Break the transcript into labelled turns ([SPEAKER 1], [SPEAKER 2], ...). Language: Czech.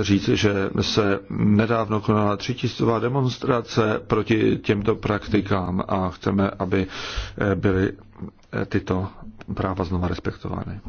[SPEAKER 1] říci, že se nedávno konala třítistová demonstrace proti těmto praktikám a chceme, aby byly tyto
[SPEAKER 2] práva znova respektovány.